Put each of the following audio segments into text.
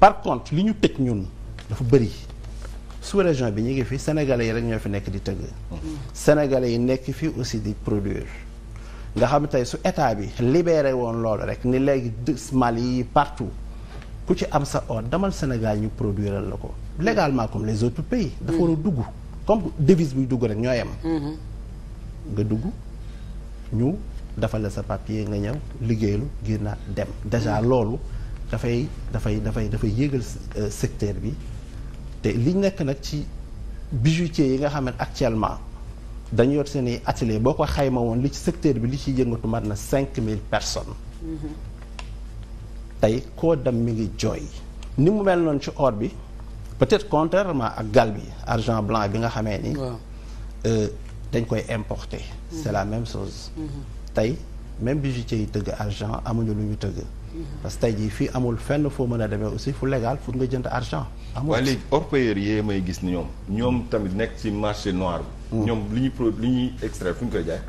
par contre li ñu tëj ñun dafa bëri sous région bi ñu ngi fi sénégalais yi rek ñoo fi nekk di tëgg. sénégalais yi nekk fii aussi di produire nga xam tey su état bi libéré woon loolu rek ni léegi Mali yi partout ku ci am sa or demal Sénégal ñu produiral la ko légalement comme les autres pays. dafa war a dugg comme devise buy dugg rek ñoo am nga dugg ñu defal sa papier nga ñëw liggéeyalu génnaat dem déjà loolu. dafay dafay dafay dafay yéegal euh, secteur bi te li nekk nag ci bijoutier yi nga xam ne actuellement dañu yor seen i atelier boo ko xayma woon li ci secteur bi li ciy yëngatu mat na cinq mille personnes mm-hmm. tey koo dem mi ngi jooy ni mu mel noonu ci or bi peut-être contrairement ak gal bi argent blanc bi nga xamee ni euh, dañ koy importer c'est mm-hmm. la même chose mm-hmm. tey même bijoutier yi tëgg argent amuñu lu ñu tëgg. parce que tey jii fii amul fenn foo mën a demee aussi fu legal pour nga jënd argent. amul waaye léegi yee may gis ni ñoom ñoom tamit nekk ci marché noir bi. Mm. ñoom li ñuy pro li ñuy extraire fu ñu koy jaay.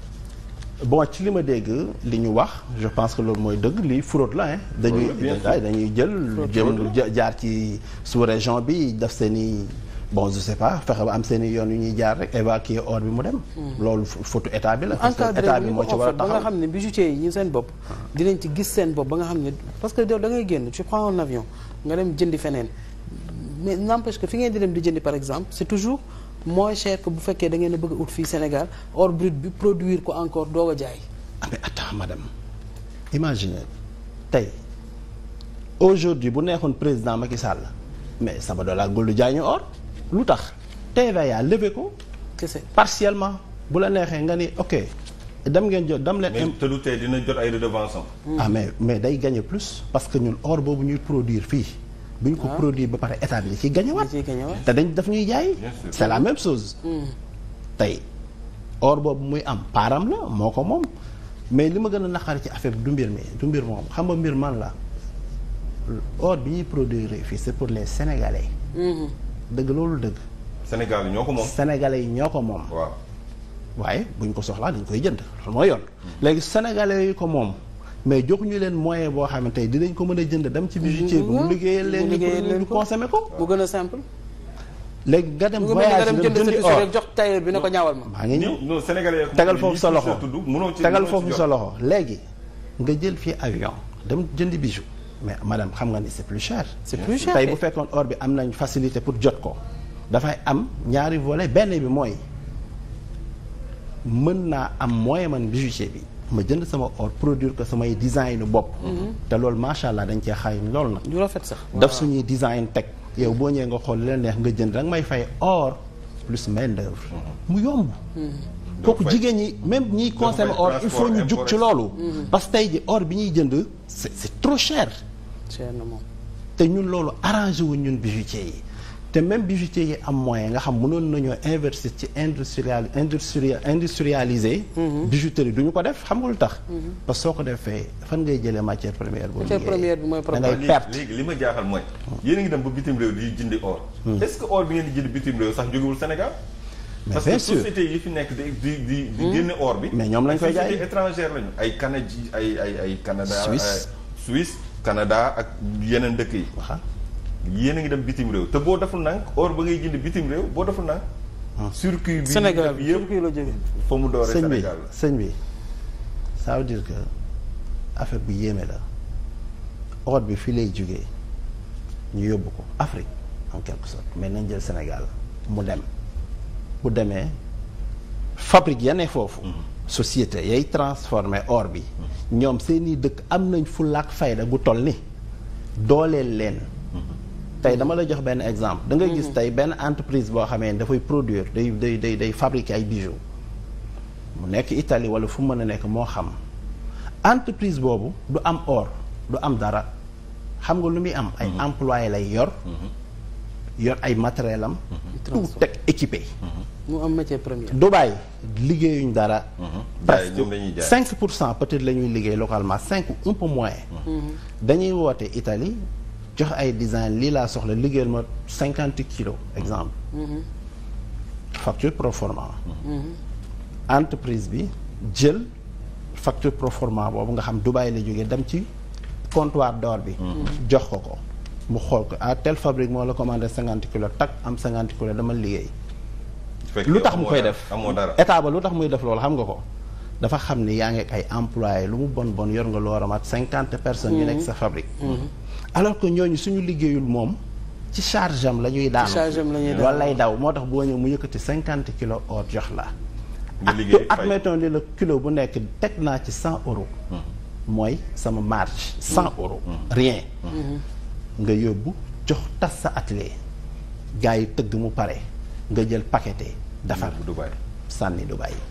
bon ci li ma dégg li ñu wax je pense que loolu mooy dëgg li fraude la dañuy dañuy jël jëm jaar ci sous région bi def seen i bon je sais pas fexe ba am seen yoon yu ñuy jaar rek évacuer or bi mu dem. Hmm. loolu fotu état bi la. parce que état bi moo ci war a taxaw ba nga xam ne bijoutier yi ñu seen bopp. Ah. dinañ ci gis seen bopp ba nga xam ne parce que da ngay génn tu prends un avion dem jëndi feneen mais n'empêche que fi ngeen di dem di jëndi par exemple c'est toujours moins cher bu fekkee da bëgg ut fii Sénégal or brut bi produire ko encore doog a jaay. ah mais attends madame imaginez tey aujourd'hui bu neexoon président Macky la mais Sabodala Gould jaay ñu or. lu tax TVA levé ko. kese partiellement bu la neexee nga ni ok dem ngeen jot dem leen. te lu tee dina jot ay redevance am. Hmm. ah mais mais day gagné plus parce que ñun or boobu ñuy produir fii. bu ñu ko ah. produire ba pare état bi da ciy gañewaat te dañ daf ñuy jaay. c'est la même chose. Hmm. tey or boobu muy am paaram la moo ko moom mais li ma gën a naqari ci affaire bi du mbir mi du mbir moom xam nga mbir man la or bi ñuy produire fii c'est pour les sénégalais. Hmm. dëgg loolu dëgg. Sénégal yi ñoo ko moom Sénégalais yi ñoo ko moom. waaw waaye buñ ko soxlaa dañ koy jënd loolu mooy yoon. Mm-hmm. léegi Sénégalais yi ko moom. mais jox ñu leen moyen boo xamante ni dinañ ko mën a jënd dem ci bijoutier bi mu mm-hmm. liggéeyal leen ñu ñu consommer ko. bu gën a simple. léegi nga dem voyage nga dem jëndi jox tailleur bi ne ko ñaawal ma. maa ngi ñëw tegal foofu sa loxo tegal foofu sa loxo léegi nga jël fii avion dem jëndi bijou mais madame xam nga ni c'est plus cher. c'est plus cher tey bu fekkoon or bi am nañ facilité pour jot ko. dafay am ñaari vole benn bi mooy mën naa am moyen man bijoutier bi ma jënd sama or produire ko samay design bopp. Mhm. te loolu macha allah dañ cee xayma loolu na du rafet sax daf suñuy design teg. yow boo ñëwee nga xool li la neex nga jënd danga may fay or plus main d'œuvre mhm. mu yomb. Mhm. kooku jigéen ñi même ñi consommer or il faut ñu jug ci loolu. parce que tey ji or bi ñuy jënd c'est trop cher. cher na moom. te ñun loolu arrangé wu ñun bijoutier yi te même bijoutier yi am moyen nga xam mënoon nañoo investir ci industrial industri industrialisé. Mhm. bijouterie du ñu ko def xam nga lu tax. Mhm. parce que soo ko defee fan ngay jëlee matière première. boo liggéey matière première bi mooy problème da ngay perte léegi li ma jaaxal mooy. Hmm. yéen a ngi dem ba bitim réew di jëndi or. Hmm. est-ce que or bi ngeen di jënd bitim réew sax jógewul Sénégal. mais bien sûr parce que société yi fi nekk di di di di hmm. génne or bi. mais ñoom lañ koy jaay société étrangère lañu ay Canadi ay ay ay Canada Suisse Suisse. Canada ak yeneen dëkk yi. yéen a ngi dem bitim réew te boo deful nang or ba ngay jënd bitim réew boo deful nang circuit bi Sénégal bi yëpp circuit la jógee. fa mu dooree Sénégal la sëñ bi sëñ bi ça affaire bu yéeme la or bi fii lay jógee ñu yóbbu ko Afrique en quelque sorte mais nañ jël Sénégal mu dem bu demee fabrique ya ne foofu. société yay transformé or bi ñoom seeni dëkk am nañ fu fulaak fayda gu toll ni dooleel leen tey dama la jox benn exemple da nga gis mhm. tey benn entreprise boo xamee ne dafay produire day day day day fabriquer ay bijoux mu nekk itali wala fu mën a nekk moo xam entreprise boobu du am or du am dara xam nga lu muy am ay mhm. employé lay yor mhm. yor ay matériel am teg équipé mu am matière première. Dubaï liggéeyuñ dara. Mhm. parce que cinq pour cent peut-être la ñuy liggéey localement cinq un peu moins. Mhm. dañuy woote Italie jox ay design li laa soxla liggéeyal ma cinquante kilo exemple. Mhm. facture proforma. entreprise bi jël facture proforma boobu nga xam Dubaï la jógee dem ci comptoir d'or bi. jox ko ko mu xool ko à ah, telle moo la commandé cinquante kilos tak am cinquante kilos dama liggéey. lu tax mu koy def état ba lu tax muy def loolu xam nga ko dafa xam ni yaa ngi ay employé lu mu bon bon yor nga loo ramaat cinquante personnes yu mhm. nekk sa fabrique mhm. alors que ñooñu suñu liggéeyul moom ci charge am la ñuy daanu loolu lay daw moo tax boo ñëw mu yëkkati cinquante kilos or jox la admettons li la kilo bu nekk teg naa ci cent euros mhm. mooy sama marge cent euros rien nga yóbbu jox tas sa atelier gars tëgg mu pare nga jël paqueté defar sànni du bàyyi